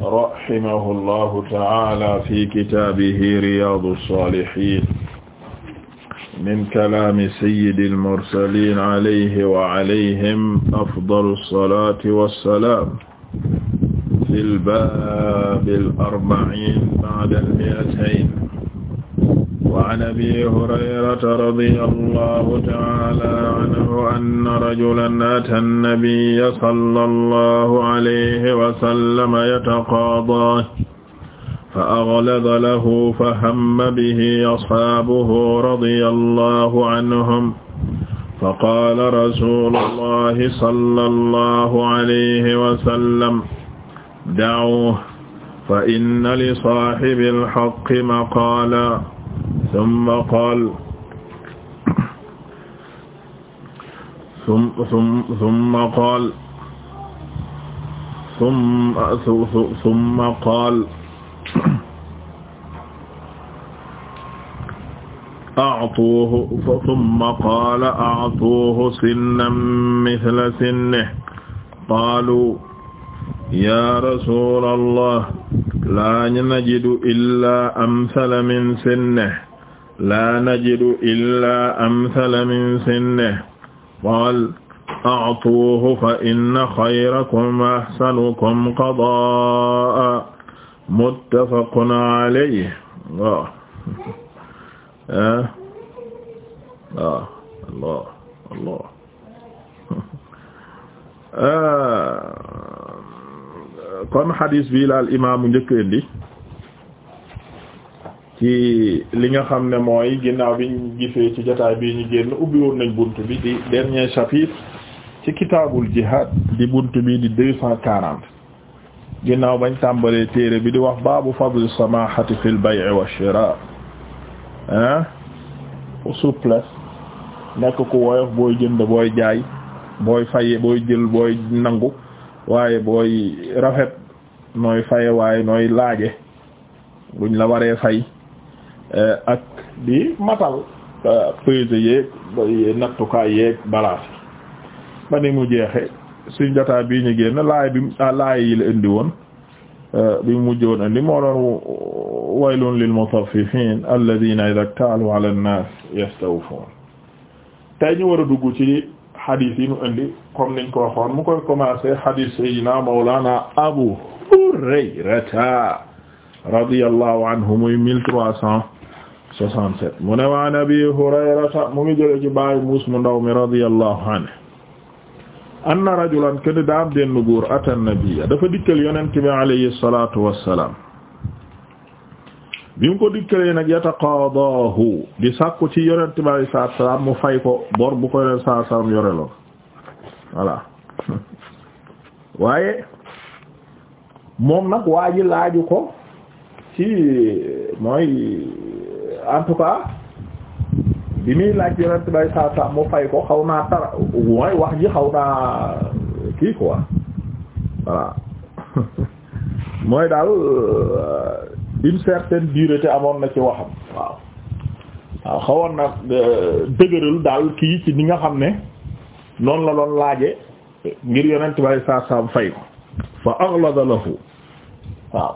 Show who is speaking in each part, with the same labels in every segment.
Speaker 1: rahimahullahu ta'ala fi kitaabihi Riyâdous-Sâlihîne min kalaami sayyidil mursaliin alayhi wa alayhim afdalus salaati wassalaam fil baabil arba'iin ba'dal mi'atayn وعن أبي هريرة رضي الله تعالى عنه أن رجلا أتى النبي صلى الله عليه وسلم يتقاضاه فأغلظ له فهم به أصحابه رضي الله عنهم فقال رسول الله صلى الله عليه وسلم دعوه فإن لصاحب الحق مقالا summa qaal summa qaal summa qaal a'tuuhu summa qaala a'tuuhu sinnan mithla sinnihi qaaluu yaa rasuulallah laa najidu illaa amthala min sinnihi laa najidu illaa amthala min sinnihi qaala a'tuuhu fa inna xayrakum axsanukum qadaa'a muttafaqun alayhi waaw eh? waaw allah allah eh, kon xadiis bi la al imaamu njëkk indi ci li nga xam ne mooy ginnaaw bi gisee ci jotaay bi ñu génn ubbi woon nañ bunt bi di dernier chapitre ci kitaabul jihad di bunt bi di deux cent quarante ginnaaw bañ tàmbalee téere bi di wax baabu fadl samahati fil bay' wa shira ah souplesse nekk ku woyof booy jënd booy jaay booy faye booy jël booy nangu waaye booy rafet nooy faye waaye nooy laaje luñ la waree fay Eh, ak di matal eh, pese yeeg eh, nattukaay yeeg balaas yi ba ni mu jeexe suñ jotaay bii ñu génn laay bi ah, laay yi la indi woon bi mu mujj woon indi moo doon waylun lil mutaffifin alladhina idha iktalu ala an-nas yastawfun tey ñu war a dugg ci xadiis yi mu indi comme niñ ko waxoon mu koy commencé xadiis sayyidina mawlana abu hurayrata radiyallahu anhu muy mille trois cents 67 mu ne waan abi hurayrata mu ngi jële ci bàyyi muus mu ndaw mi radiyallahu anhu anna rajulan kene daam denn góor ata nabiyya dafa dikkal yonent bi alayhi salatu wassalam bi mu ko dikkalee nag yataqaadaahu di sàkku ci yonent bi alayhi salatu wassalam mu fay ko bor bu ko yonent salatu wassalam yoreloon voilà waaye moom nag waa laaju ko ci mooy en tout cas bi muy laaj yonent bay saa saa mu fay ko xaw naa tara mooy wax ji xaw naa kii quoi voilà mooy daal euh, une certaine te amoon na ci waxam waaw waaw xawoon na euh, dëgëral daal kii ci ni nga xam ne noonu la doon laaje ngir yonent bay saa saa mu fay ko fa aghlada lahu waaw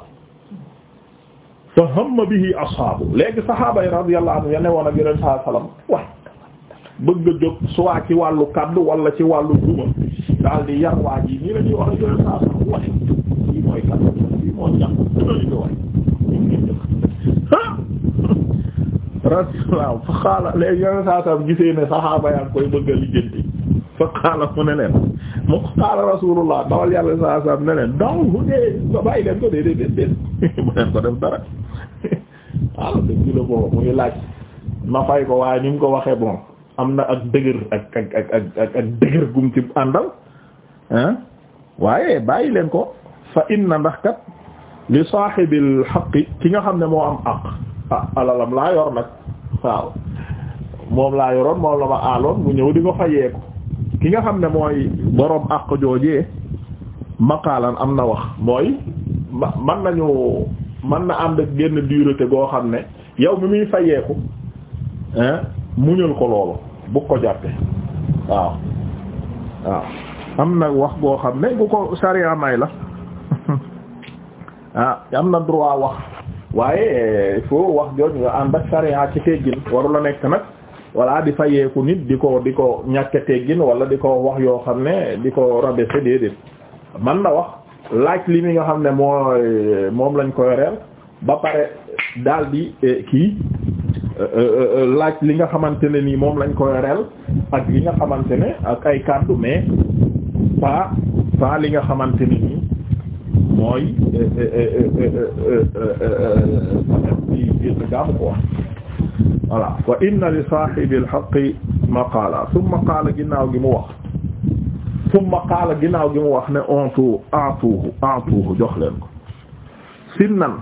Speaker 1: fa hamma bihi ashaabu léegi sahaaba yi radiyallahu anhu ya newoon ak yeneen saa salaam wax bëgg a jóg soit ci wàllu kaddu wala ci wàllu duma daal di yar waa ji nii la ñuy wax ak yeneen saa salaam wax lii mooy kaddu lii mooy ñàkk dëgg la waay ah. rasulullah fa xaaral léegi yeneen saa salaam gisee ne sahaaba yaa koy bëgg a lijjanti fa qaala mu ne leen mu qaala rasulullah dawal yàlla sallallahu alayhi wasallam ne leen dawhu dee bàyyi leen ko dee dee dee mu leen ko def dara waaw dëgg la boobu muy laaj ma fay ko waaye ni mu ko waxee bon am na ak dëgër ak ak ak dëgër gum ci àndal waaye bàyyi leen ko fa inna ndax kat li saaxibil xaqi ki nga xam ne moo am aq alalam laa yor nag waaw moom laa yoroon moom la ma aaloon mu ñëw di ko fayeeku ki nga xam ne mooy boroom àq joojee maqaalan am na wax mooy man nañu man na ànd ak génn dureté goo xam ne yow mi muy fayeeku muñul ko loolu bu ko jàppe waaw waaw am na wax goo xam ne bu ko sariya may la ah am na droit wax waaye il wax jooju nga ànd ak sariya ci teggin waru la nekk nag voilà di fayeeku nit di ko di ko ñàkk teggin wala di ko wax yoo xam ne di ko rabaisser déedéet man na wax laaj li mi nga xam ne mooy moom lañ koy reel ba pare daal di kii laaj li nga xamante ne nii moom lañ koy reel ak li nga xamante ne ak ay kàddu mais pas pas li nga xamante ne nii mooy di di gàmm ko voilà fa inna li saahibil haqqi maqaala summa qaala ginnaaw gi mu wax summa qaala ginnaaw gi mu wax ne ontu atuhu atuhu jox leen ko sinnan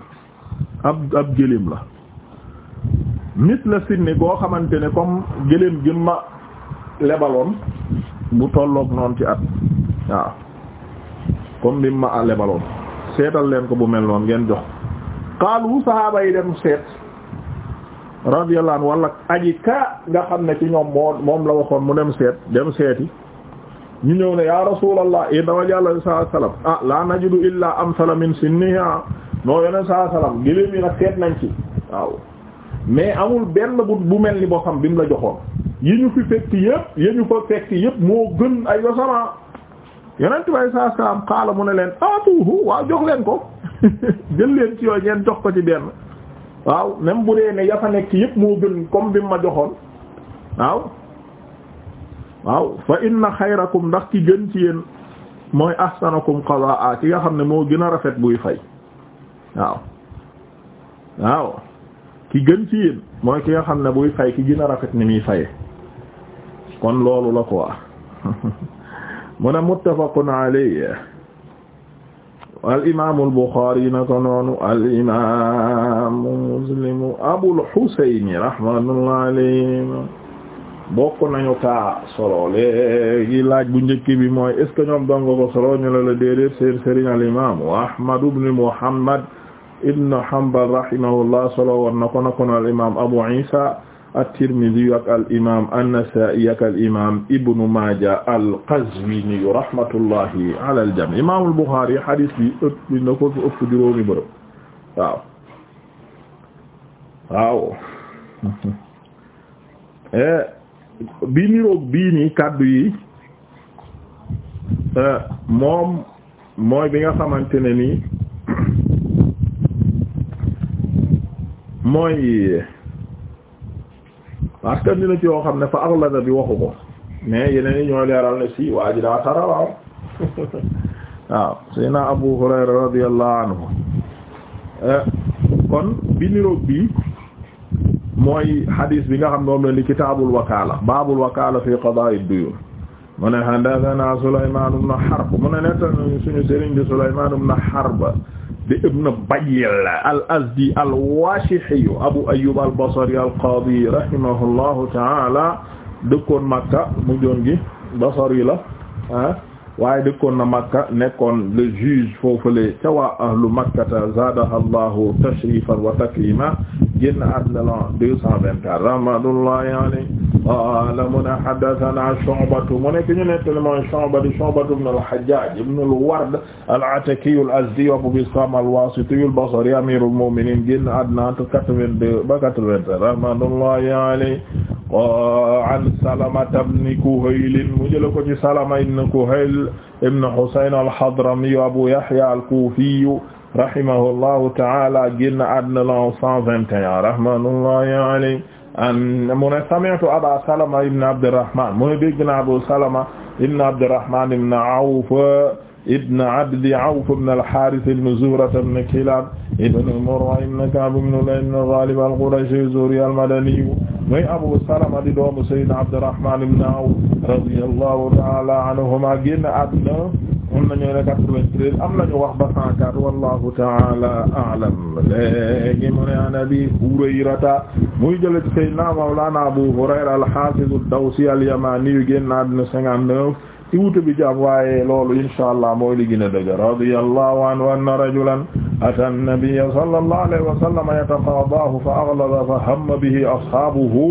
Speaker 1: ab ab gëléem la la sinni goo xamante ne comme gëléem gi ma lebaloon bu tolloog noon ci at waaw comme bi ma lebaloon seetal leen ko bu mel noonu ngeen jox qaalu sahaaba yi dem seet radiyallahu anhu wala aji ka nga xam ne ci ñoom moo moom la waxoon mu dem seet dem seeti ñu ñëw ne ya rasulallah i dawa jàlla saa sallam ah la najidu illa amsala min sinniha ah noo yoneen saa sallam gëléem yi nag seet nañ ci waaw mais amul benn bu bu mel ni boo xam bi mu la joxoon yi ñu fi fekk yëpp yi ñu fa fekk yëpp moo gën ay wasama yonent bay saa salaam xaala mu ne leen aatuhu waaw jox leen ko gën leen ci yooyu ngeen jox ko ci benn waaw même bu dee ne ya fa nekk yëpp moo gën comme bi mu ma joxoon waaw waaw fa inna xayrakum ndax ki gën ci yéen mooy ahsanakum qadaa ki nga xam ne moo gën a rafet buy fay waaw waaw ki gën ci yéen mooy ki nga xam ne buy fay ki gën a rafet ni muy faye kon loolu la quoi mu ne muttafaqun alayhi al imaamu al Buxaari na ko noonu al imaamu Muslim Abul Husayni rahmatullahi alayhim bokk nañu kaa solo léegi laaj bu njëkk bi mooy est ce que ñoom dongo ko solo ñu la la déedéet seen sëriñ al imaamu Ahmad ibn Muhammad ibn Hanbal rahimahullah solo war na ko na ko al imaam Abu Isa at-Tirmidhi ak al imaam an-Nasa'i ak al imaam Ibn Maaja al-Qazwini rahmatullahi ala al-jami' imaamul Bukhari hadith bi ëpp na ko fi ëpp juróomi bërëb waaw eh, bi niroog bii nii kaddu yi eh, moom mooy bi nga xamante ne nii mooy parce que ni na ci yoo xam ne fa axlada bi waxu ko mais yeneen yi ñooy leeral ne si waa ji daa tara waaw waaw sayna Abu Hurayra radiyallahu anhu eh, kon bi niroog bi mooy hadis bi nga xam ne moom la ni kitaabul wakaala baabul wakaala fi qadaa'id duyun mu ne haddathana Sulaymaan ibn Harb mu ne nettali suñu sëriñ bi Sulaymaan ibn Harb di ibn Bayl al-Azdi al-Washihi Abu Ayyub al-Basri al-Qadi rahimahullahu ta'ala dëkkoon Makka mujjoon gi Basri la ah waaye dëkkoon na Makka nekkoon le juge foofule ca waa ahlu makkata zaadaha allahu tashrifan wa takrima génn àddina lan deux cent vingt-quatre rahmatullahi alayhi qala mu ne haddathana Shu'batu mu nekk ñu nettali mooy Shu'ba di Shu'batu ibn al-Hajjaj ibn al-Ward al-Ataki al-Azdi Abu Bistam al-Wasiti al-Basri amiru al-mu'minin génn àddina entre quatre-vingt-deux ba quatre-vingt-sept rahmatullahi alayhi an Salamata ibn Kuhayl mu jël ko ci Salama ibn Kuhayl ibn Husayn al-Hadrami Abu Yahya al-Kufi rahimahullahu ta'ala génn àddina la 121 rahmatullahi alayhi an mu ne sami'tu Aba Salama ibn Abdirrahman mu ne dégg naa Abu Salama ibn Abdirrahman ibn Awf ibn abdi awf ibn al-Haaris ibn Zuhra ibn Kilaab ibn Murra ibn Ka'b ibn Lu'ay ibn Ghaalib al-Qurashi az-Zuhri al-Madani mooy Abu Salama di doomu Sayyidina Abdurrahmaan ibn Awf radiyallahu ta'ala anhumaa génn àdduna am nañu ne 93 am nañu wax ba 104 wallahu ta'ala a'lam léegi mu ne an Abi Hurayrata muy jële ci Sayyidina Mawlaana Abu Hurayra al-Haafiz ad-Dawsi al-Yamaani génn àdduna 59 ci wuute bi ci am waaye loolu insha allah mooy li gën a dëgg radiyallahu anhu anna rajulan ata an-nabiyya sallallahu alayhi wa sallam yataqadahu fa aghlaba fa hamma bihi ashabuhu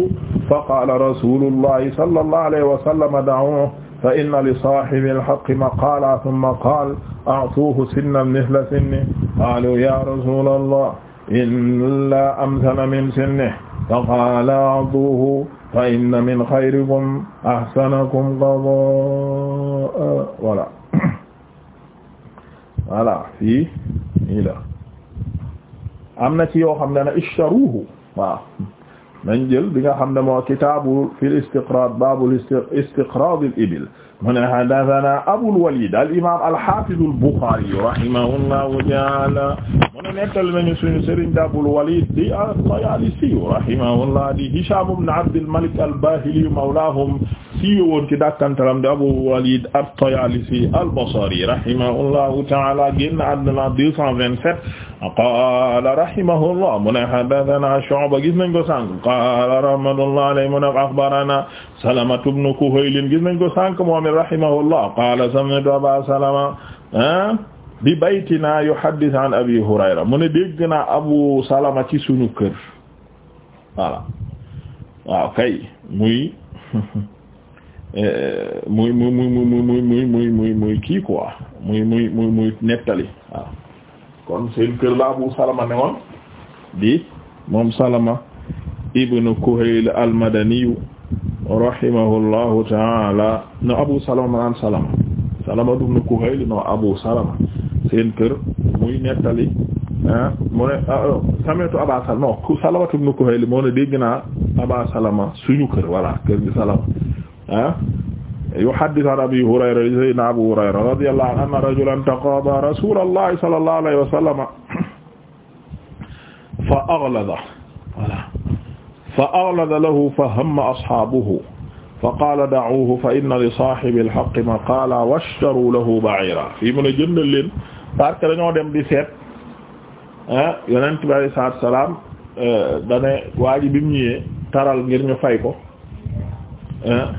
Speaker 1: fa qala rasulullahi sallallahu alayhi wa sallam da'uhu fa inna li sahibi al-haqqi maqaala thumma qaala a'tuuhu sinnan mithla sinnihi qaalu ya rasulallah illa amthala min sinnihi fa qaala a'tuuhu fa inna min xayrikum ahsanakum qadaa voilà voilà fii nii la am na ci yoo xam ne na ishtaruhu waaw nañ jël bi nga xam ne moo kitaabu fil istiqraad baabul istiqraad al ibil mu ne haddathana Abul Walid al imaam al haafiz al Bukhari rahimahullahu ta'ala mu ne nettali nañu suñu sëriñ di Abul Walid di at-Tayaalisi rahimahullah di Hishaam ibn Abd al-Malik al-Baahili mawlaahum siiwe woon ci dàkkantalam di Abul Walid at-Tayaalisi al-Basri rahimahullahu ta'ala génn àdduna 227 qaala rahimahullah mu ne haddathana Shu'ba gis nañ ko sànq qaala rahmatullahi alayhi mu ne akhbaranaa Salamatu ibn Kuhayl gis nañ ko sànq moom al-Imam rahimahullah qala sami'tu Aba Salama bi baytina yuhaddith an Abi Hurayra mu ne dégg naa Abu Salama ci suñu kër voilà waaw kay muy muy muy muy muy muy muy muy muy muy kii quoi muy muy muy muy nettali waaw kon seen kër la Abu Salama ne woon di moom Salama ibn Kuhayl al-Madaniyu rahimahullahu taala no Abu Salama naan Salama Salama ibn Kuhayl no Abu Salama seen kër muy nettali ah mu ne ah, oh, sametu Aba Salama non ku Salama ibn Kuhayl moo ne dégg naa Aba Salama suñu kër voilà kër gi Salama ah yuhaddithu an Abi Hurayra sayyidina Abu Hurayra radiyallahu anhu anna rajulan taqaba rasulallahi sallallahu alayhi wa sallama fa aghlada voilà fa aghlada lahu fa hamma ashaabuhu fa qaala da'uuhu fa inna li saahibi al-haqqi maqaalan washtaruu lahu ba'iiran fii mu ne jëndal leen parce que dañoo dem di seet ah, yonent bi alayhi salaatu wa salaam eh, dane waa ji bi mu ñëwee taral ngir ñu fay ko ah,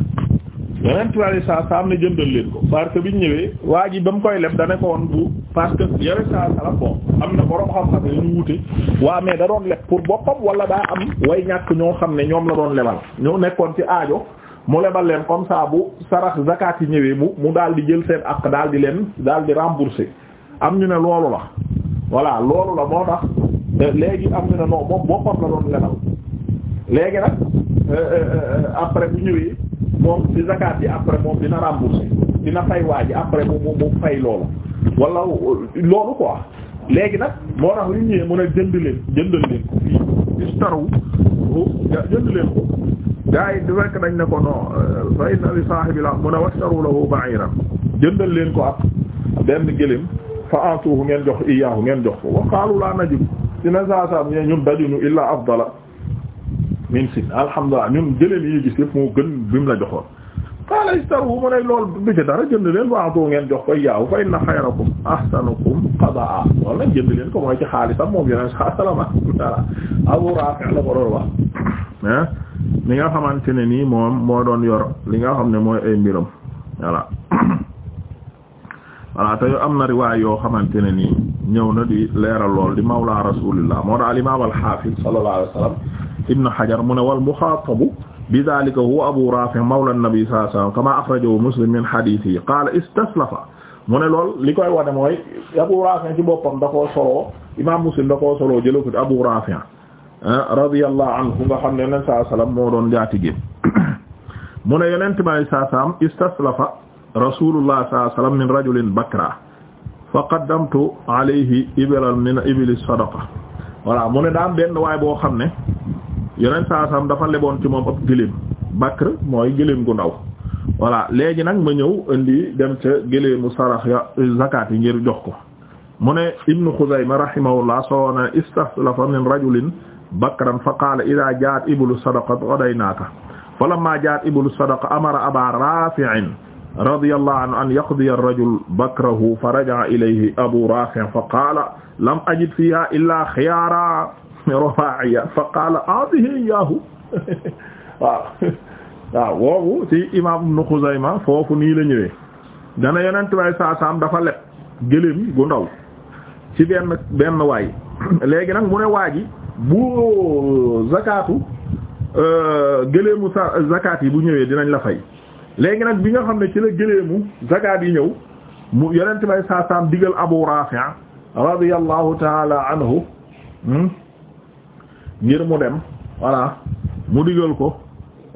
Speaker 1: yonent bi saa saa am na jëndal leen ko parce que biñ ñëwee waa ji ba mu koy leb dana ko woon bu parce que yore saa sala bon am na borom xam-xam yu ñu wute waa mais da doon leb pour boppam wala daa am way ñàkk ñoo xam ne ñoom la doon lebal ñoo nekkoon ci aajo mu lebal leen comme ça bu sarax zakat yi ñëwee mu mu daal di jël seen ak daal di leen daal di rembourser am ñu ne loolu la voilà loolu la moo tax léegi am ñu ne non moom boppam la doon lebal léegi nag euh, euh, euh, après bu moom ci zakat bi après moom dina rembourser dina fay waa ji après mu mu mu fay loolu wala loolu quoi léegi nag moo tax li ñëwee mën a jënd leen jëndal leen ko fii istaru jënd leen ko gaa yi di fekk nañ ne ko non euh, fa inna li saahibil mun a wastaru lahu ba'iran jëndal leen ko ab benn gëléem fa antuhu ngeen jox iyaahu ngeen jox ko wa qaalu laa najib dina saa saa ñun dajuñu illaa afdala min sin alhamdulilah ñun jëleen yi gis yëpp moo gën bi mu la joxoon qaala istaru mu ne loolu du ci dara jënd leen waatoo ngeen jox koy yaaw fa inna xayrakum ahsanukum qadaa loolu nag jënd leen ko mooy ci xaalisam moom yeneen sa salama voilà Abu Rafi' la ko doon wax ah, li nga xamante ne nii moom moo doon yor li nga xam ne mooy ay mbiram voilà voilà te am na riwaay yoo xamante ne nii ñëw na di leeral lool di mawla rasulillah moo daal imaam al-hafiz sallallahu alayhi wasallam ibn hajar mu ne wal muxaatabu bi dhalika huwa abu rafi' mawla an-nabi sallallahu alayhi wasallam kama akhrajahu muslim min hadithihi qala istaslafa mu ne lool li koy wane mooy abu rafi' ci boppam da koo soloo imaam muslim da koo soloo jëla ko abu rafi' radiyallahu anhu nga xam ne sallallahu alayhi wasallam moo doon jaati gén mu ne yonent bi sallallahu alayhi wasallam istaslafa rasulullah sallallahu alayhi wasallam min rajulin bakra fa qaddamtu alayhi iblan min ibli sadaqa voilà mu ne daam benn waay boo xam ne yeneen saa sam dafa leboon ci moom ab gëléem bakr mooy gëléem gu ndaw voilà léegi nag ma ñëw indi dem ca gëléemu sarax ya eh, zakat yi ngir jox ko mu ne ibnu Xuzayma rahimahullah soo ne istaslafa min rajulin bakran fa qaala ida jaat iblu sadaqa oday naaka fa lamma jaat iblu sadaqa amara aba rafi'in radiyallahu anhu an yaqdiya ar-rajul bakrahu fa raja'a ilayhi abu rafi' fa qaala lam ajid fiha illa khiyara rawa'iya fa qaala a'tihi iyyahu waaw waaw woowu ci imam ibn Khuzayma foofu nii la ñëwee dana yonent way saasaam dafa leb gëléem gu ndaw ci benn benn waay léegi nag mu ne waa ji bu euh, zakatu euh, gëléemu sa zakat yi bu ñëwee dinañ la fay léegi nag bi nga xam ne ci la gëleemu zakaat yi ñëw mu yonent may saasaam digal Abu Rafi' radiyallahu taala anhu hmm, ngir mu dem voilà mu digal ko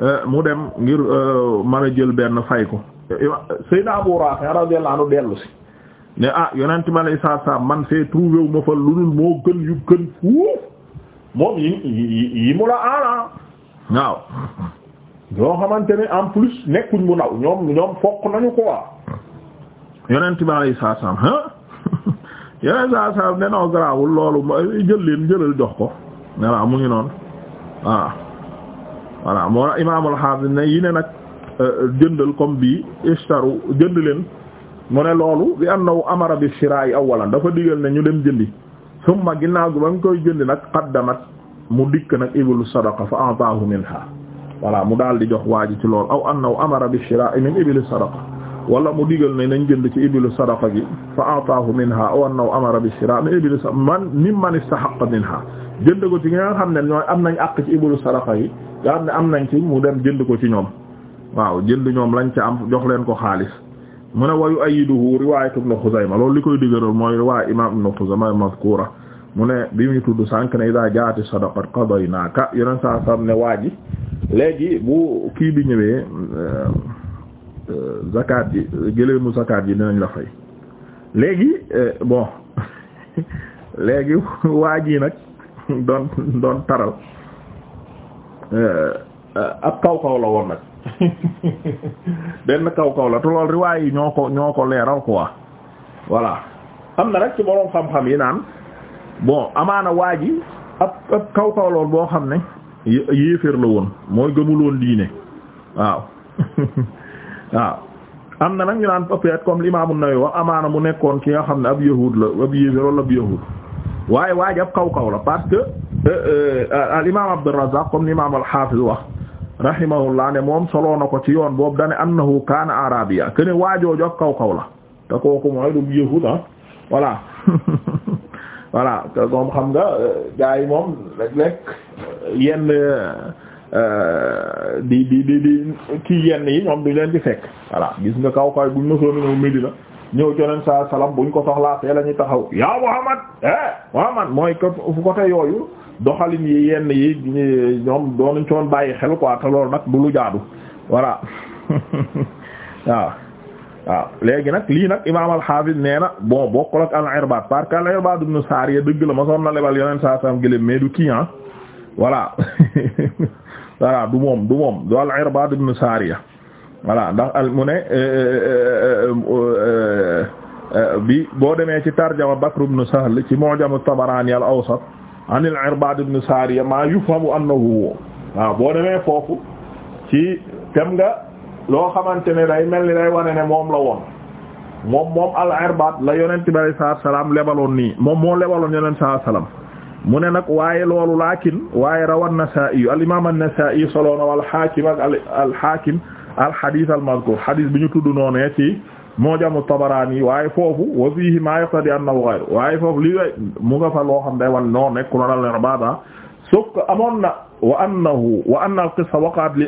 Speaker 1: euh, mu dem ngir euh, mën a jël benn fay ko Seydina Abu Rafi' radiyallahu anhu ne ah yonent ma lay saa man fee trouvé wu fa lu dul moo gën yu gën fuuf moom yi yi yi mu la aala ah, waaw ñoo xamante ne en plus nekkuñ mu ndaw ñoom ñoom fokk nañu ko waa yonent bi alayhi salaam yonent saa ne noo garaawul loolu jël leen jëlal jox ko voilà mu ngi noon voilà voilà moo la imaamul xaafis ne yi ne nag euh, jëndal comme bii ishtaru jënd leen mu ne loolu bi annahu amara bi shiraa'i awwalan dafa digal ne ñu dem jëndi summa ginnaaw gi ba nga koy jëndi nag qaddamat mu dikk nag iblu sadaqa fa ataahu minha voilà mu daal di jox waa ji ci lool aw annahu amara bi shira'i min ibli sadaqa wala mu digal ne nañ jënd ci ibli sadaqa gi fa ataahu minha aw annahu amara bi shira'i min ibli man mimman istahaqqa minha jënd ko ci nga xam ne ñooy am nañ àq ci ibli sadaqa yi nga xam ne am nañ ci mu dem jënd ko ci ñoom waaw jënd ñoom lañ ci am jox leen ko xaalis mu ne wayu ayiduhu riwaayatu ibn Xuzayma loolu li koy digalool mooy riwaaya imaam ibn Xuzayma mazkuura mu ne bi muy tudd sànq ne daa jaati sadaqat qadaynaaka yeneen saa ne waa ji léegi bu kii bi ñëwee euh, euh, zakat ji gëleemu zakat ji dinañ la fay léegi euh, bon léegi waa ji nag doon doon taral ab kaw kaw la woon nag benn kaw kaw la te loolu riwaay yi ñoo ko ñoo ko leeral quoi voilà am na rek ci boroom xam-xam yi naan bon amaana waa ji ab ab kaw kaw la boo xam ne. yéeféer la woon mooy gëmul woon diine waaw waaw am na nag ñu naan peut-être comme l'imam An-Nawawi wax amaana mu nekkoon ki nga xam ne ab yahuud la ab yéeféer wala ab yahuud waaye waaj ab kaw la parce que euh, euh, al imam Abdurrazzaq comme l'imam al-Hafiz wax rahimahullah ne moom soloo na ko ci yoon boobu dane annahu kaana arabiya kene waajooju ab kaw kaw la te kooku mooy du yahuud ah voilà voilà te moom xam nga euh, gars moom léeg-léeg euh, yenn euh, di di di di kii yenn yi ñoom duñ leen di fekk voilà gis nga kaw kaw buñ mësoon ñëw Medina ñëw coneen sa salam buñ ko soxlaa fee la taxaw yaa Muhammad eh Muhammad mooy fu côté yooyu doxalin yi yenn yi ñoom doonuñ coon bàyyi xel ko te loolu nag bu lu jaadu voilà waaw waaw léegi nag lii nag imaam al-Hafiz nee na bon bokkul al-Irbad parce al-Irbad ibn Sariya dëgg la ma soon na lebal yeneen saa saam gëléem mais du kii ah voilà voilà du moom du moom du al-Irbad ibn Sariya voilà ndax al mu ne euh, euh, euh, bi boo demee ci tarjama Bakr ibn Sahl ci mu'jam at-Tabarani al-Awsat an al-Irbad ibn Sariya ma yufhamu annahu waaw boo demee foofu ci tem loo xamante ne day mel ni day wane ne moom la woon moom moom al irbaat la yonent bi alayhi salaatu salaam moom moo lebaloon yonent salaatu salaam mu ne nag waaye loolu laakin waaye rawa an-Nasaa'i al imaam an-Nasaa'i solo na wal Haakim ak al Haakim al hadiis al mazkuur hadiis bi ñu tudd noonee ci Mu'jam at-Tabaraani waaye foofu wa fiihi maa yaqtadii annahu ghayr waaye foofu li mu nga fa loo xam day wan noo ku ne la leen baata ah. sauf wa annahu wa anna al-qissa waqa'at bi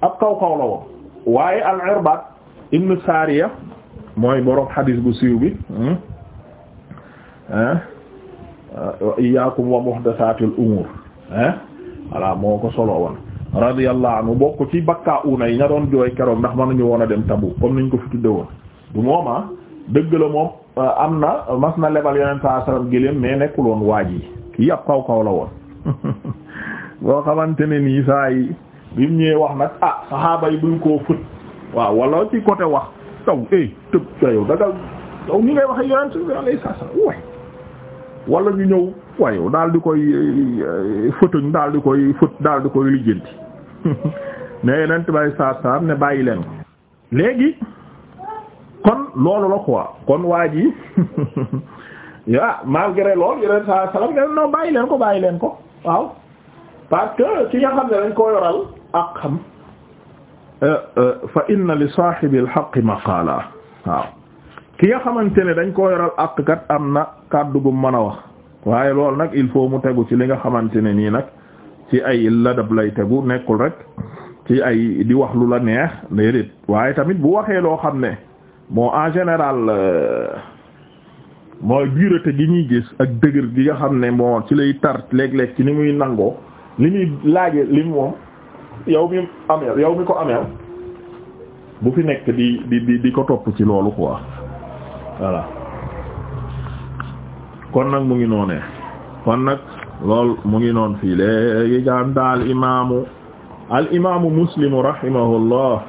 Speaker 1: ab kaw kaw la woon waaye al-Irbaad ibn Saariya mooy borom xadis bu siiw bi hmm? eh? Eh, iyyaakum wa muhdathaatil umuur eh? voilà moo ko solo woon radiyallahu anhu bokk ci bakkaa una yi ña doon jooy keroog ndax mënuñu woon a dem Tabuk comme niñ ko fi tudde woon du mooma ah? dëgg la moom euh, am na mas na lebal yeneen saa salaam géléem mais nekkul woon waaj yi kii ab kaw kaw la woon boo xamante ne nii saa yi bi mu wax nag ah saxaaba yi buñ koo fët waaw wala ci côté wax taw eh tëb sa yow dagal yow ni ngay waxee yeneen saa lay saa salaam waay wala ñu ñëw waaye yow di koy eh, fëtëñ daal di koy fët daal di koy lijjanti mais yeneen tubaab yi saa salaam ne bàyyi leen léegi. kon loolu la quoi kon waa ji ya malgré loolu yeneen saa salaam nga non bàyyi leen ko bàyyi leen ko waaw parce que ki nga xam ne dañ koo yoral ak xam euh, euh, fa inna li saahibi al-haqqi maqaala waaw ki nga xamante ne dañ koo yoral ak kat am na kàddu gum mën a wax waaye loolu nag il faut mu tegu ci li nga xamante ne nii nag ci ay ladab lay tegu nekkul rek ci ay di wax lu la neex déedéet waaye tamit bu waxee loo xam ne bon en général euh, mooy biirate gi ñuy gis ak dëgër gi nga xam ne moo ci lay tar léeg-léeg ci ni muy nangoo li muy laaje li moom yow mi ameel yow mi ko ameel bu fi nekk di di di di ko topp ci loolu quoi voilà kon nag mu ngi noonee kon nag lool mu ngi noon fii léegi ganta al imaamu al imaamu muslimu rahimahullah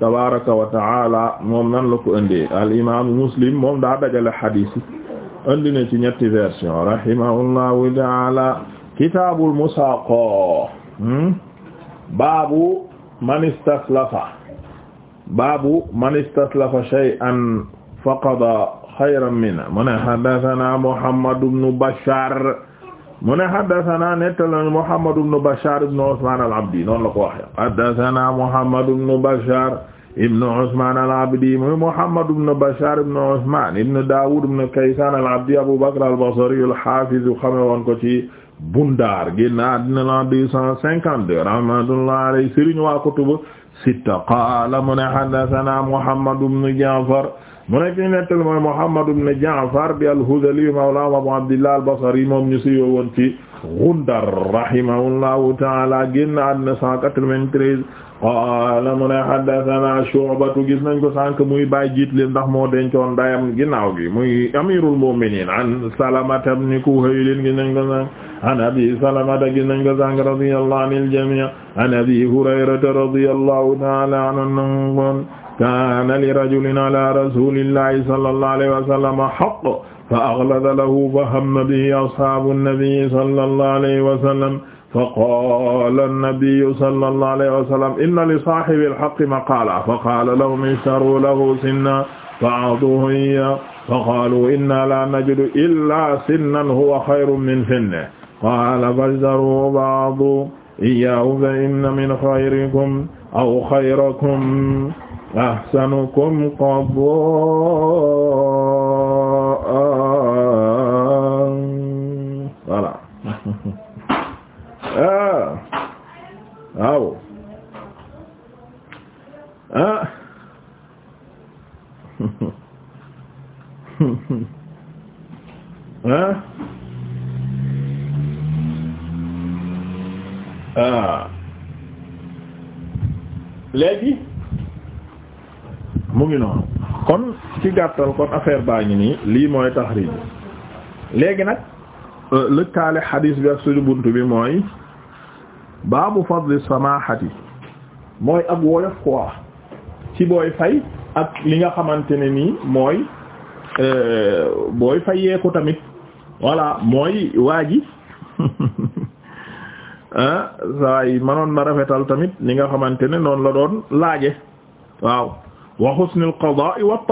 Speaker 1: tabaraka wa taala moom nan la ko indee al imaamu muslim moom daa dajale xadiis yi indi na ci ñetti version rahimahullahu taala kitaabul musaaqoo hmm? baabu man istaslafa baabu man istaslafa shay'an faqada xayran minhu mu ne haddasanaa Muhammad ibnu Bashaar mu ne haddasanaa nettali Muhammad ibnu Bashaar ibnu Usmaan al-Abdi noonu la ko waxee haddasanaa Muhammad ibnu Bashaar ibnu Usmaan al-Abdi muy Muhammad ibnu Bashaar ibnu Usmaan ibnu Daawuud ibnu Kaysaan al-Abdi Abu Bakr al-Basri al-Haafiz xame woon ko ci Bundaar génna addina la deux cent cinquante-deux rahmatullahi alayhi sëriñ waa kutubu sitta qaala mu ne haddasanaa Muhammad ibnu Ja'far mu nekk ñu nettali mooy Muhammad ibnu Ja'far bi al-Hudhali mawlaa Abu Abdillah al-Basri moom ñu siiwoon ci Gundar rahimahullahu ta'ala génn àddina 193 qaala mu ne haddathana Shu'batu gis nañ ko sànq muy bàyyi jiit leen ndax moo dencoon ndayam ginnaaw gi muy amirul mu'minin an Salamata ibn Kuhayl gis nañ ko sànq an Abi Salamata gis nañ ko sànq radiyallahu anil jami' an Abi Hurayrata radiyallahu ta'ala anhu kaana li rajulin ala rasulillahi sallallahu alayhi wa sallam haqq fa axlada lahu fa hamma bihi ashaabu nnabii sallallahu alayhi wa sallam fa qaala nnabiyu sallallahu alayhi wa sallam inna li saahibi alhaqqi maqaalan fa qaala lahum ishtaruu lahu sinnan fa a'tuuhu iyyaahu fa qaaluu innaa laa najidu illaa sinnan huwa xayrun min finnin qaala fashtaruu ba'duhu iyyaahu fa inna min xayrikum aw xayrakum ahsanukum qadaa'a ah waaw ah. ah ah léegi mu ngi noonu kon ci gàttal kon affaire baa ngi nii lii mooy taxriij léegi nag euh, lëkkaale xadiis bi ak suñu bunt bi mooy baabu fadli samahati mooy ak woyof quoi ci booy fay ak li nga xamante ne nii mooy euh, booy fayeeku tamit voilà mooy waa ji ah, saa yi manoon na rafetal tamit li nga xamante ne noonu la doon laaje waaw wa husnul qadaa'i wat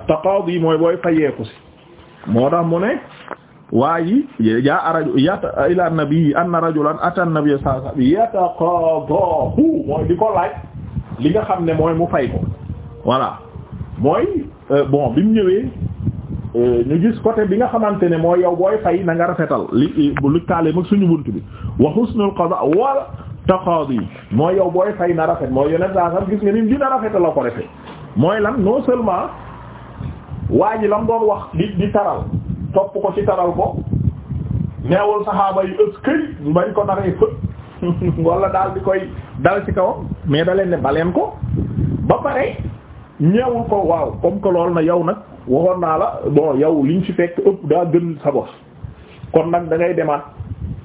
Speaker 1: taqaadi mooy booy fayeeku si moo tax waaye yaa araju yata ila nabi anna rajulan atan nabi sallallahu alayhi wa sallam yataqadahu mooy di ko laaj li nga xam ne mooy mu fay ko voilà mooy euh, bon bi mu ñëwee euh, ñu gis côté bi nga xamante ne mooy yow booy fay na nga rafetal li li kaale suñu bunt bi wa husnul qada wal taqadi mooy yow booy fay na rafet mooy yeneen saa sax gis nga ni dina rafetal la ko refe mooy lan non seulement waa ji lam doon wax di di taral topp ko ci taral ko neewul saxaaba yi ës këy bañ ko naree fët wala daal di koy dal ci kaw mais da leen ne baleen ko ba pare ñeewul ko waaw comme que loolu na yow nag waxoon naa la bon yow liñ ci fekk ëpp daa gën sa bos kon nag dangay demaat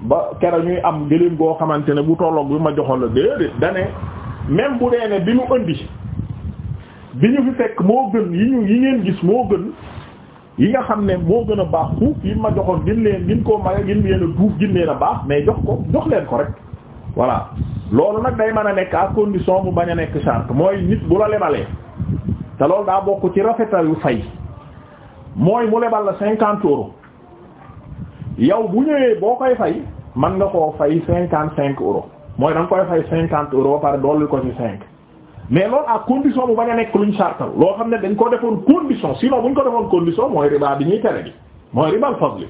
Speaker 1: ba kera ñuy am gëléem goo xamante ne bu tolloog bi ma joxoon la déedéet dane même bu dee ne bi mu indi bi ñu fi fekk moo gën yi ñu yi ngeen gis moo gën yi nga xam ne moo gën a baax fuuf yi ma joxoon gin leen gin koo maye gin leen a duuf gin leen a baax mais jox ko jox leen ko rek voilà loolu nag day mën a nekk à condition bu bañ a nekk charte mooy nit bu la lebalee te loolu daa bokk ci rafetal yu fay mooy mu lebal la cinquante euros yow bu ñëwee boo koy fay man nga koo fay cinquante cinq euros mooy da nga koy fay cinquante euros ba pare dolli ko ci cinq mais loolu à condition bu bañ a nekk luñ sartal loo xam ne dañ ko defoon condition sinon buñ ko defoon condition mooy riba bi ñuy tere bi mooy ribal fadli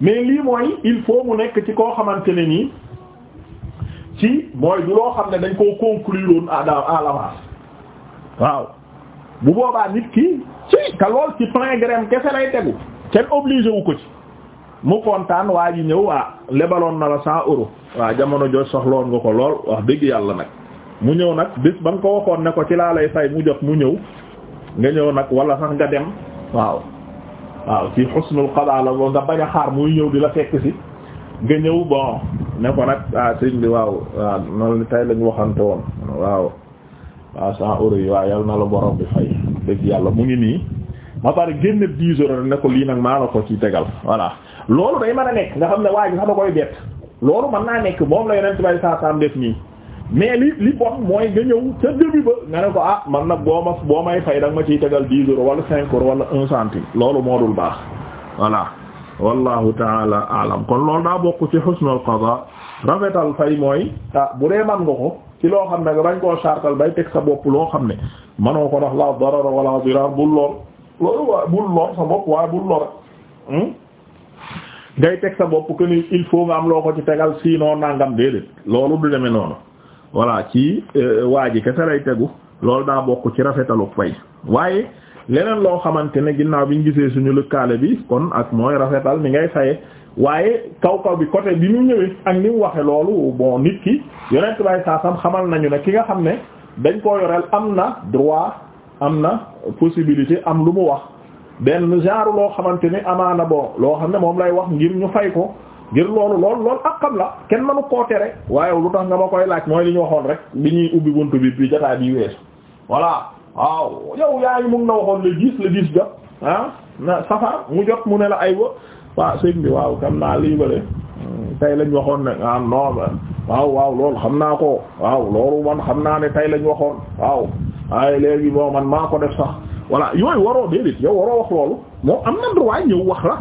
Speaker 1: mais lii mooy il faut mu nekk ci koo xamante ne nii ci mooy du loo xam ne dañ koo conclure woon à à l'avance waaw bu boobaa nit ki ci te lool ci plein gré kese lay tegu kenn obligé wu ko ci mu kontaan waa ji ñëw waa lebaloon na la cent euro waa jamono jooju soxloon nga ko lool wax dëgg yàlla nag mu ñëw nag bis ba nga ko waxoon ne ko ci laa lay fay mu jot mu ñëw nga ñëw nag wala sax nga dem waaw waaw ci xusnul qadaa la nga bañ a xaar muy ñëw di la fekk si nga ñëw bon ne ko nag ah bi waaw waaw noonu tey lañ waxante woon waaw waaw cent euros yi waaw yal na la borom fay dëgg yàlla mu ngi nii ma pare génne dix ne ko lii nag maa la ko ci tegal voilà loolu day mën a nekk nga xam ne waa ji sax da koy bett loolu mën naa nekk moom la yeneen bay saa saam def nii mais li li bon mooy nga ñëw ca début ba nga ne ko ah man nag boo ma boo may fay da ma ciy tegal dix euros wala cinq euros wala un centime loolu moo dul baax voilà wallahu taala alam kon loolu daa bokk ci husnul qada rafetal fay mooy ah bu dee man nga ko ci loo xam ne bañ koo sartal bay teg sa bopp loo xam ne manoo ko ndax la darara wala dirar bul lor loolu bul lor sa bopp waaye bul lor hmm? ngay teg sa bopp que il faut nga am loo ko ci tegal sinon nangam déedéet loolu du voilà ci euh, waa ji kese lay tegu loolu daa bokk ci rafetalu fay waaye leneen loo xamante ne ginnaaw bi gisee suñu lëkkaale bi kon ak mooy rafetal mi ngay faye waaye kaw kaw bi côté bi ñu ñëwee ak ni mu loolu bon nit ki yonent bay saasam xamal nañu ne ki nga xam ne dañ koo yoreel am na droit am na possibilité am lu mu wax benn genre loo xamante ni amaana bo loo xam ne moom lay wax ngir ñu fay ko ngir loolu lool loolu ak xam la kenn mënu koo tere waaye lu tax nga ma koy laaj mooy li ñu waxoon rek bi ñuy ubbi buntu bi bi jotaay bi weesu voilà waaw yow yaay mu ngi na waxoon le dix le dix jot ah safar mu jot mu ne la ay wa waaw bi waaw xam naa lii bale hmm, tey lañ waxoon ne ah non waaw waaw loolu xam naa ko waaw loolu man xam naa ne tay lañ waxoon waaw waaye léegi boo man maa ko def sax voilà yooyu waroo déedéet yow waroo wax loolu moom am na droit ñëw wax la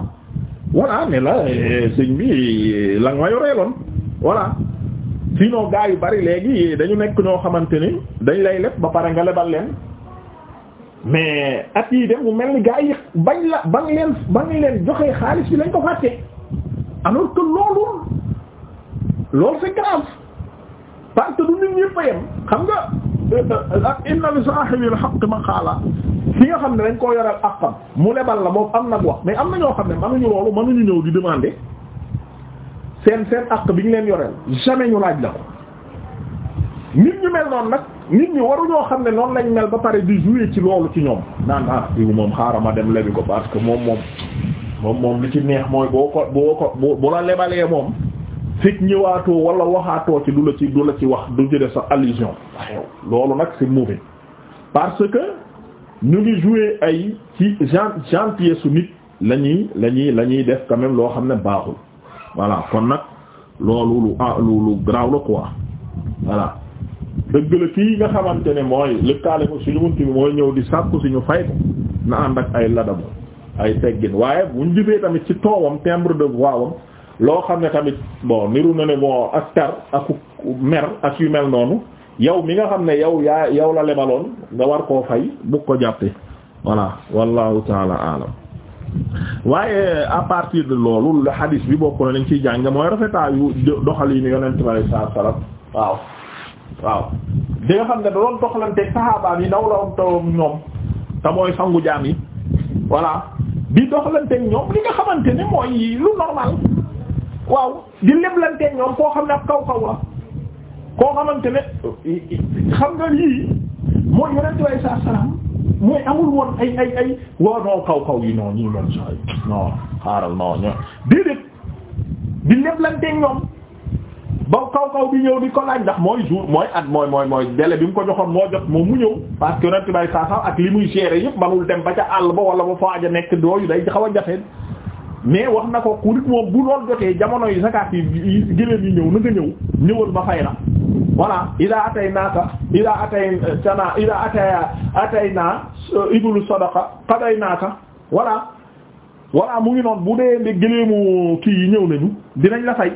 Speaker 1: voilà ne la euh, sëñ bi la nga ma yoreeloon voilà sinon gaa yu bari léegi dañu nekk noo xamante ni dañ lay leb ba pare nga lebal leen mais at yii dem mu mel ni gaa yi bañ la ba nga leen ba nga leen joxee xaalis bi lañ ko fàtte alors que loolu loolu c'est grave parce du nit ñëpp a xam nga euh, euh, inna li saahibil haqqi maqaala ki nga xam ne dañ koo yoral akam mu lebal la moom am nag wax mais am na ñoo xam ne mënuñu loolu mënuñu ñëw di demander seen seen ak bi ñu leen yoreel jamais ñu laaj la ko nit ñu mel noonu nag nit ñu waruñoo xam ne noonu lañ mel ba pare di jouer ci loolu ci ñoom naan ah diw moom xaaral ma dem lebi ko parce que moom moom moom moom li ci neex mooy boo ko boo ko bu la lebalee moom fekk ñëwaatoo wala waxaatoo ci du la ci du la ci wax du jële sa allusion waaw loolu nag ñu ngi jouer ay ci gen gentillesse su nit la ñuy la la ñuy def quand loo xam ne baaxul voilà kon nag loolu lu ah lu lu la quoi voilà dëgg la kii nga xamante ne mooy lëkkaale ko suñu munti bi mooy ñëw di sàkku suñu fay ko na ànd ak ay ladamu ay teggin waaye buñ jibee tamit ci toowam timbre de voix am loo xam ne tamit bon niru na ne bon ak tar ak mer ak yu mel noonu yow mi nga xam ne yow yaa yow la lebaloon nga war koo fay bu ko jàppee voilà wallahu taala alam waaye à partir de loolu la hadis bi bokk na lañ ciy jàng mooy rafetaayu doxal yi ni yonent bi sallallahu waaw waaw di nga xam ne da doon doxalante saxaabaam yi ndaw la woon tawam ñoom te mooy sangu jaam yi voilà di doxalanteeg ñoom li nga xamante ne mooy lu normal waaw di leblanteeg ñoom koo xam ne ak kaw kaw la koo xamante ne xam nga lii mooy yonent way salaam mooy amul woon ay ay ay waaw non kaw kaw yi non ñii moom saa yi non xaaral non ño déedéet di leblanteeg ñoom ba kaw kaw bi ñëw di ko laaj ndax mooy jour mooy at mooy mooy mooy délai bi mu ko joxoon moo jot moom mu ñëw parce que yonent saa ak li muy gérer yëpp manul dem ba ca àll ba wala ba fa aja nekk dooyu day xaw a jafeen mais wax na ko ku moom bu lool jotee jamono yi zakaat yi gëléem ñëw na ñëw ñëwal ma voilà ida atay naaka ida atay cana euh, ida ataya atay naa euh, iblu sadaka xaday naaka voilà voilà mu ngi noonu bu dee ndi gëleemu kii yi ñëw nañu dinañ la fay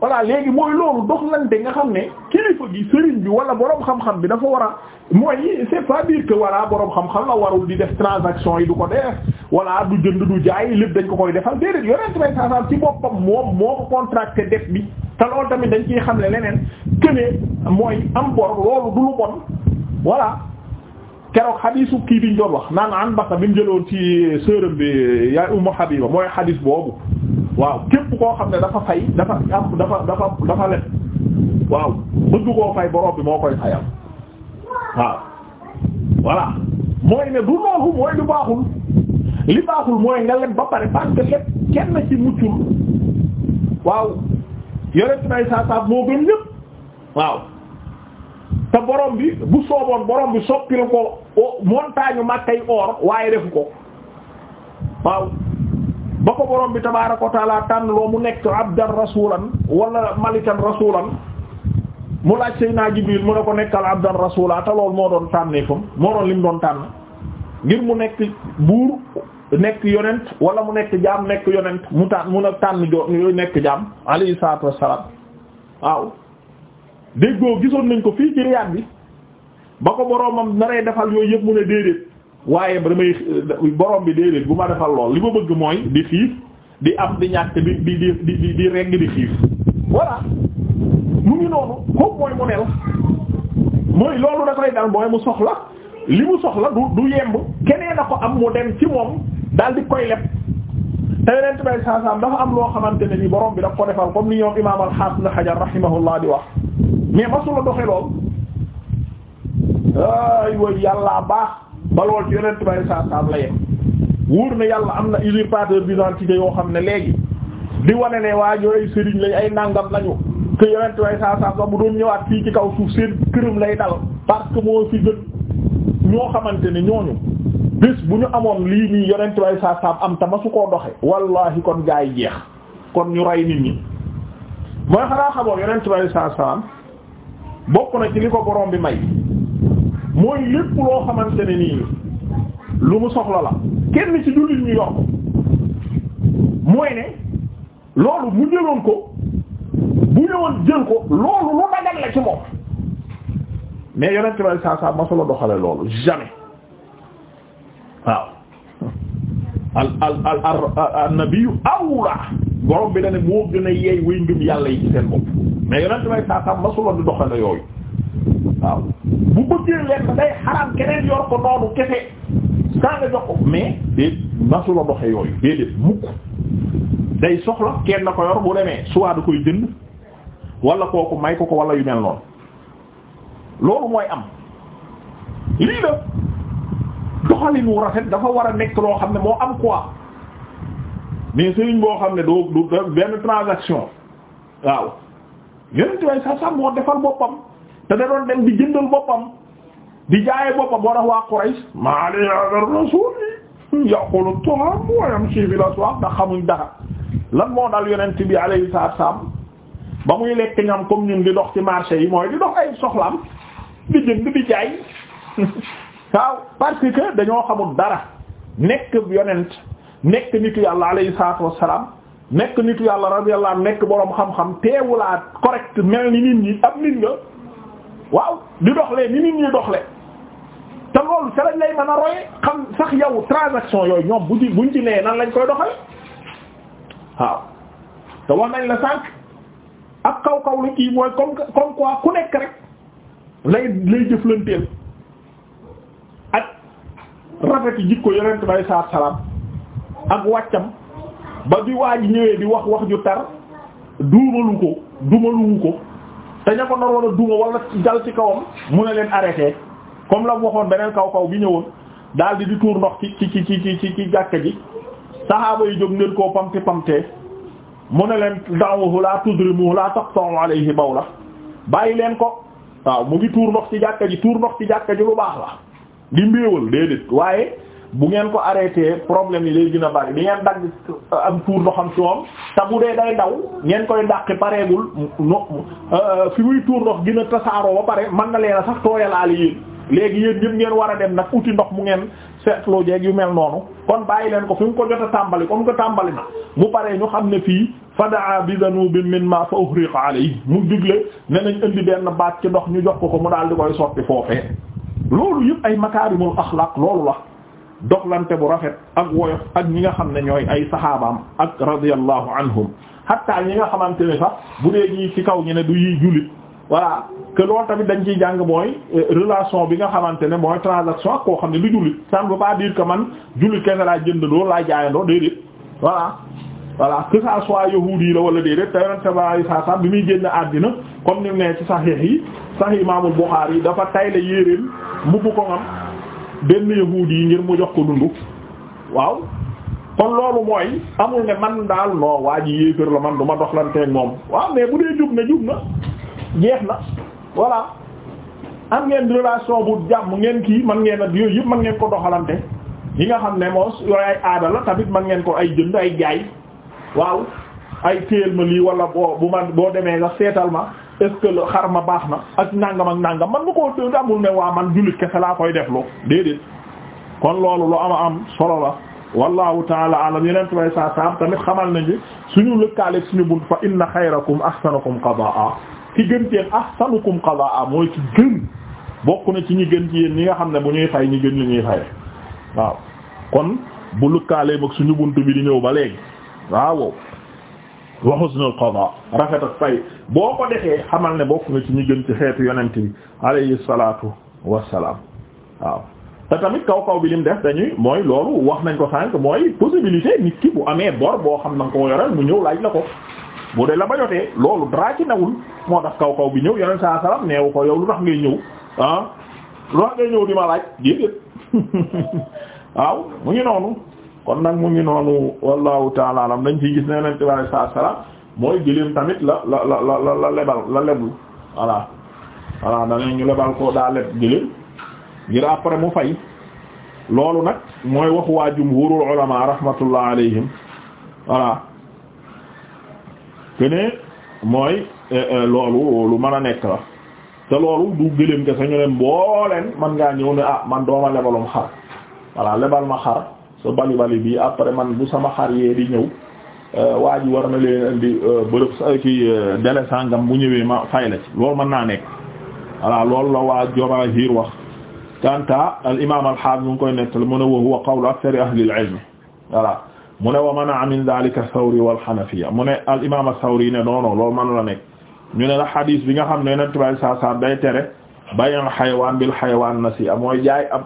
Speaker 1: voilà léegi mooy loolu doxlante nga xam ne kilifa gi sëriñ bi wala borom xam-xam bi dafa war a mooy c'est pas dire que voilà borom xam-xam la warul di def transaction yi du ko def voilà du jënd du jaay lépp dañ ko koy defal déedéet yonent may sasam ci boppam moom moo ko contracté def bi te tamit dañ ciy xam ne leneen kënee mooy am bor loolu du lu bon voilà keroog xadiisu kii biñ doon wax naan an basa bi mu jëloon ci sërëm bi yaay Ummu mooy xadiis boobu waaw képp koo xam ne dafa fay dafa dafa dafa dafa leb waaw bëgg koo fay borom bi moo koy fayal waaw voilà mooy ne du loolu mooy lu baaxul li baaxul mooy nga leb ba pare parce que kenn ci muccul waaw yonent nay saa saab moo gën ñëpp waaw te borom bi bu sooboon borom bi soppil ko montagne màkkay or waaye defu ko waaw ba ko borom bi tabaaraka wa taala tànn loo mu nekk abdan rasulan wala malikan rasulan mu laaj Seydina Jibril mu ne ko nekkal abdan rasula te loolu moo doon tànneefam moo doon lim doon tànn ngir mu nekk buur nekk yonent wala mu nekk jaam nekk yonent mu tànn mun a tànn joo nekk jaam alayhi salaatu wassalaam waaw déggoo gisoon nañ ko fii ci Riyad bi ba ko boromam naree defal yooyu yëpp mu ne déedéet waaye damay borom bi déedéet bu ma defal lool li ma bëgg mooy di xiif di am di ñàkk di di di di di regg di xiif voilà mu ngi noonu kooku mooy mu nel mooy loolu da koy dal mooy mu soxla. li mu soxla du du yemb keneen a ko am mu dem ci moom daal di koy leb te yonent bay saasaam dafa am loo xamante ne ni borom bi daf ko defal comme ni ñoom imaam al-Hasan Hajar rahimahullah di wax mais masula doxe lool ay way yàllaa baax ba lool ci yonent bay saasaam la yem wóor na yàlla am na usurpateur d'identité yoo xam ne léegi di wane ne waa ñooy sëriñ lañ ay nàngam lañu te yonent bay saasaam sax bu doon ñëwaat fii ci kaw suuf seen ñoo xamante ni ñooñu bés bu ñu amoon lii nii yonent way saa saam am tama su koo doxe wallahi kon gaa yi jeex kon ñu rey nit ñi mooy xanaa xamoon yonent way saa saam bokk na ci li ko borom bi may mooy lépp loo xamante ne nii lu mu soxla la kenn ci jullit ñu yor ko mooy ne loolu mu jëloon ko bu ñëwoon jël ko loolu lu dagal la ci moom mais yonent bi saa saa masula doxale loolu jamais waaw al al al al nabiyu awla borom bi dane moo gën a yeey way ngëm yàlla yi ci seen bopp mais yonent bi saa saa masula di doxale yooyu waaw bu bëggee lekk day xaraam keneen yor ko noonu kese saa nga ko mais déet masula doxe yooyu déedéet mukk day soxla kenn na ko yor bu demee soit koy jënd wala kooku may ko ko wala yu mel noonu loolu mooy am lii la doxalin rafet dafa war a nekk loo xam ne moo am quoi mais sëriñ boo xam ne doo du benn transaction waaw yeneen way sa sam moo defal boppam te da doon dem di jëndal boppam di jaaye boppam boo tax waa Quraysh maa li yagar rasul yi yaqulu ta'am wa yamshi fil aswaq ndax xamuñ dara lan moo dal yonent bi alayhi salaatu wa salaam ba muy lekk ñam comme ñun di dox ci marché yi mooy di dox ay soxlaam di jënd di jaay waaw parce que dañoo xamul dara nekk yonent nekk nitu yàlla alayhi salaatu wassalaam nekk nitu yàlla radiyallahu anhu nekk boroom xam-xam teewulaat correct mel ni nit ñi am nit nga waaw di doxle ni nit ñi doxle te loolu sa lañ lay mën a roye xam sax yow transaction yooyu ñoom bu ci buñ ci nee nan lañ koy doxal waaw te wax nañ la sànq ak kaw kaw lu kii mooy comme comme quoi ku nekk rek lay lay jëflanteel ak rafet jikko yonent bay saa salaam ak wàccam ba bi waa ji ñëwee di wax wax ju tar duumalu ko dumaluwu ko te ña ko naroon a duma wala dal ci kawam mu ne leen arrêté comme la waxoon beneen kaw kaw bi ñëwoon daldi di di ndox ci ci ci ci ci ci jàkka ji saxaaba yi jóg ngeen koo pamti pamtee mu ne leen da'uhu la tudrimu la taqta'u alayhi bawla bàyyi leen ko waaw mu ngi tuur ndox ci jàkka ji tuur ndox ci jàkka ji lu baax la di mbéewal déedéet waaye bu ngeen ko arrêté problème yi day gin a bari bi ngeen dagg am tuur ndoxam ci moom te bu dee day daw ngeen koy dàqi pareegul no euh, fi muy tuur ndox gën a tasaaroo ba pare man na leen a sax tooyalaale yéen léegi yéen ñëpp ngeen war a dem nag uti ndox mu ngeen seetloo jeeg yu mel noonu kon bàyyi leen ko fi mu ko jot a tàmbali comme que tàmbali na bu paree ñu xam ne fii fa daa bi danubin min ma fa uhriqa alayhi mu digle ne nañ indi den baat ci ndox ñu jox ko ko mu daal di koy sotti foofee loolu yëpp ay makaarimul axlaaq loolu la doxlante bu rafet ak woyof ak ñi nga xam ne ñooy ay saxaabaam ak radiyallahu anhum hatta ñi nga xamante ne sax bu dee ñii ci kaw ñi ne du yi jullit voilà que loolu tamit dañ ciy jàng mooy euh, relation bi nga xamante ne mooy transaction ak koo xam ne du jullit ça ne veut pas dire que man jullit kese laa jëndandoo laa jaayandoo déedéet voilà voilà que ça soit yi la wala déedéet te yonent bi saa saa bi muy génn àddina comme ni mu ne ci yi dafa tayle yéreem ko ngam benn yahuudi jox ko dundu waaw kon man daal non waa ji man du ma doxlanteeg moom waaw mais na jub na jeex na ngeen relation bu jàmm ngeen kii man ngeen ak yooyu yëpp man ngeen ko yi nga xam ne moos ay aada la tamit man ngeen ko ay jënd ay jaay waaw ay téyel ma lii wala boo bu man boo demee sax seetal ma est xar ma baax na ak nangam ak nangam man ma koo déglu amul ne waa man jullit kese laa koy def loo déedéet. kon loolu lu a am solo la wallahu taala alam yeneen tubay saa saam tamit xamal nañu suñu lëkkaaleeg suñu bunt fa inna xayrakum ahsanukum qadaa ki gën ci yéen ahsanukum qadaa mooy ci gën bokk na ci ñi gën ci yéen ñi nga xam ne bu ñuy fay ñu gën li ñuy fay waaw kon bu lëkkaaleeg suñu bunt bi di ñëw ba léegi. waaw wa husnul qadaa rafet ak fay boo ko defee xamal ne bokk nga ci ñu gën ci xeetu yonent bi alayhi salaatu wassalaam waaw te tamit kaw kaw bi lim def dañuy mooy loolu wax nañ ko sànq mooy possibilité nit ki bu amee bor boo xam na nga ko yoreel mu ñëw laaj la ko bu dee la ba jotee loolu dara ci nawul moo tax kaw kaw bi ñëw yonent saa salaam neewu ko yow lu tax ngay ñëw ah lu tax ngay ñëw di ma laaj déedéet waaw mu ngi noonu kon nag mu ngi noonu wallahu taala dañ ciy gis ne yonent bi sallallahu mooy gëléem tamit la la la la lebal la leblu voilà voilà da ñu lebal ko daa leb gëléem ngir après mu fay loolu nag mooy wax waa jumhurul ulama rahmatullah alayhim voilà kene mooy eh, eh, loolu lu mën a nekk la te loolu du gëléem ke sañu leen boo leen man ngaa ñëw ne ah man dooma lebalum xar voilà lebal ma xar sa bali bali bi après man bu sama xar yee di ñëw euh, waa war na leen indi euh, bërëb sa euh, sangam bu ñëwee ma fay la ci loolu mën naa nekk voilà loolu la waa jomahir wax kanta al imam al hafiz mu ngi koy nettali mu ne wa huwa qawlu akthari ahli al ilm voilà mu ne wa mana min dhalika thawri wal hanafiya ne al imam ath-thawri ne non non loolu mën ñu bi nga xam ne yonent bi jaay ab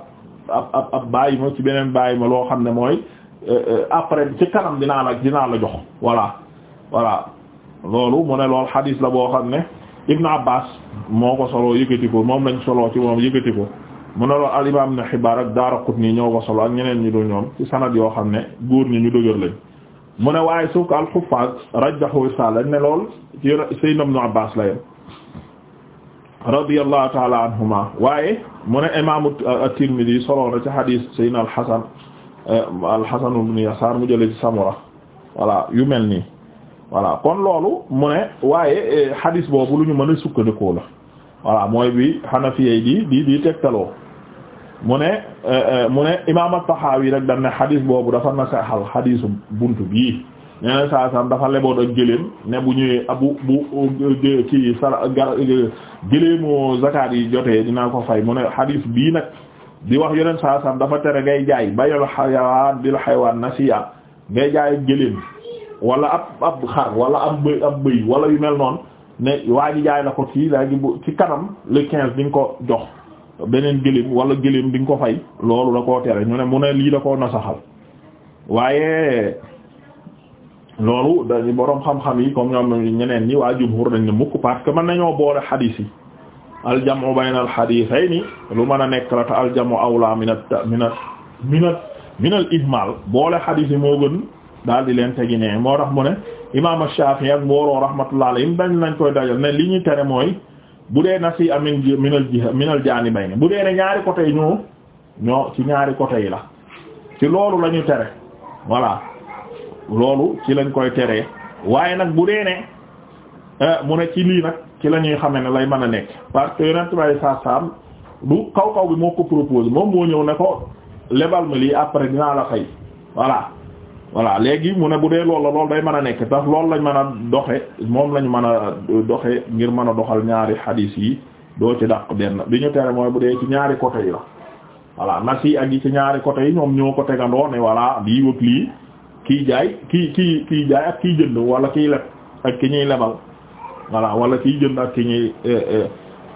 Speaker 1: ab ab ab bàyyi ma ci beneen bàyyi ma loo xam ne mooy euh, euh, après ci kanam dinaa la dinaa la jox voilà voilà loolu mu ne lool xadiis la boo xam ne Ibn Abbas moo ko soloo yëkkati ko moom lañ soloo ci moom yëkkati ko mu ne lool al imaam Ibn Hibban ak nii ñoo ko solo ak ñeneen ñi du ñoom ci sanad yoo xam ne góor ñi ñu dëgër lañ mu ne waaye suuf al-Huffaaz rajjahu lañ ne lool ci Sayyidina Ibn Abbas la radiyallahu taala anhuma waaye mu ne imaamu at-Tirmidhi soloo na ci hadis sayyidina al-Hasan eh, al-Hasan ibn Yasaar mu jële ci Samura voilà yu mel nii voilà kon loolu mu ne waaye eh, hadis boobu lu ñu mën a sukkandikoo la voilà mooy bi Hanafiyyi di di di tegtaloo mu ne eh, mu ne imaam at-Tahawi rek dañ ne hadis boobu dafa nasaxal hadisu buntu bi ñeneen saa saam dafa leboon ak gëléem ne bu ñëwee abu bu ci sara gar gëléemoo zakat yi jotee dinaa ko fay mu ne hadith bii nag di wax yeneen saa saam dafa tere ngay jaay bayal xayawaan bil xayawaan nasiya ngay jaay ak gëléem wala ab ab xar wala ab bëy ab bëy wala yu mel noonu ne waa ji jaay la ko kii léegi bu ci kanam le quinze di nga ko jox beneen gëléem wala gëléem di ko fay loolu la koo tere ñu ne mu ne lii la koo nasaxal waaye. loolu dañu boroom xam-xam yi comme ñoom ñeneen ñi waa jumhur dañ ne mukk parce que mën nañoo boole xadiis yi aljamu bayna alxadiisayni lu mën a nekk la te aljamu awla min at min at min at min boole xadiis yi moo gën daal di leen tegi ne moo tax mu ne imaam Shaafi'i ak mbooloo rahmatullah alayhim dañ nañ koy dajal ne li ñu tere mooy bu dee nasi amin minal ji minal jaanibayni bu dee ne ñaari côté yi ñoo ñoo ci ñaari côté yi la ci loolu la tere voilà loolu ci lañ koy teree waaye nag bu dee ne euh, mu ne ci lii nag ci la ñuy xamee ne lay mën a nekk parce que yonent bay saa saam bu kaw kaw bi moo ko propose moom moo ñëw ne ko lebal ma lii après dinaa la fay voilà voilà léegi mu ne bu dee loolu la loolu day mën a nekk tax loolu lañ mën a doxe moom lañ mën a doxe ngir mën a doxal ñaari xadiis yi doo ci dàq benn bi ñu tere mooy bu dee ci ñaari côté yi la voilà yi ak yi ci ñaari côté yi ñoom ñoo ko tegandoo kii jaay kii kii kii jaay ak kii jënd wala kii leb ak ki ñuy lebal voilà wala kii jënd ak ki ñuy eh, eh,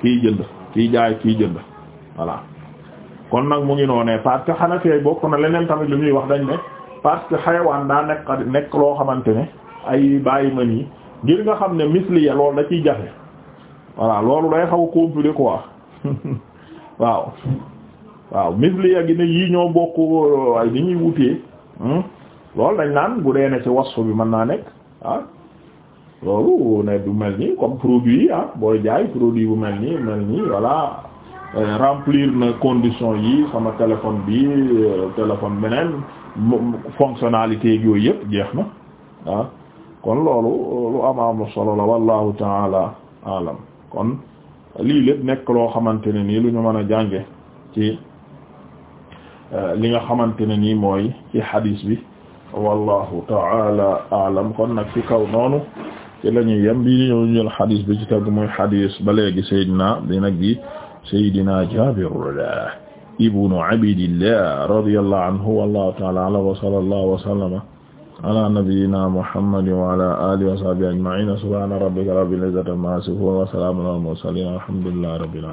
Speaker 1: kii jënd kii jaay kii jënd voilà kon nag mu ngi noonee parce que xanafee bokk na leneen tamit lu ñuy wax dañ ne parce que xayawaan daa nekk nekk loo xamante ne ay bàyyi ma yi ngir nga xam ne misli ya loolu da ciy jafe voilà loolu day xaw a compliqué quoi waaw waaw misli ya gi ne yii ñoo bokk ay di ñuy wutee hmm? lool dañ naan bu dee ne ci wasfu bi mën naa nekk ah loolu ne du mel nii comme produit yi ah, booy jaay produit bu mel nii mel nii voilà euh, remplir na condition yi sama téléphone bi euh, téléphone beneen fonctionnalité yi yooyu yëpp jeex na ah kon loolu lu am am solo la wallahu taala alam kon lii lépp nekk loo xamante ne nii lu ñu mën a jànge ci euh, li nga xamante ne nii mooy ci hadis bi wallahu taala aalam kon nag ci kaw noonu ci la ñuy yem bi ñëw ñël xadis bi ci tegu muy xadis ba léegi saydina bi nag bi saydina Jaabir ibnu Abdillah radiyallahu anhu wallahu taala aalam wa sallallahu wa sallama ala nabiyyina Muhammadin wa ala alihi wa sahbihi ajma'in subhana rabbika rabbil izzati amma yasifun wa salamun alal mursalin alhamdulillahi rabbil alamin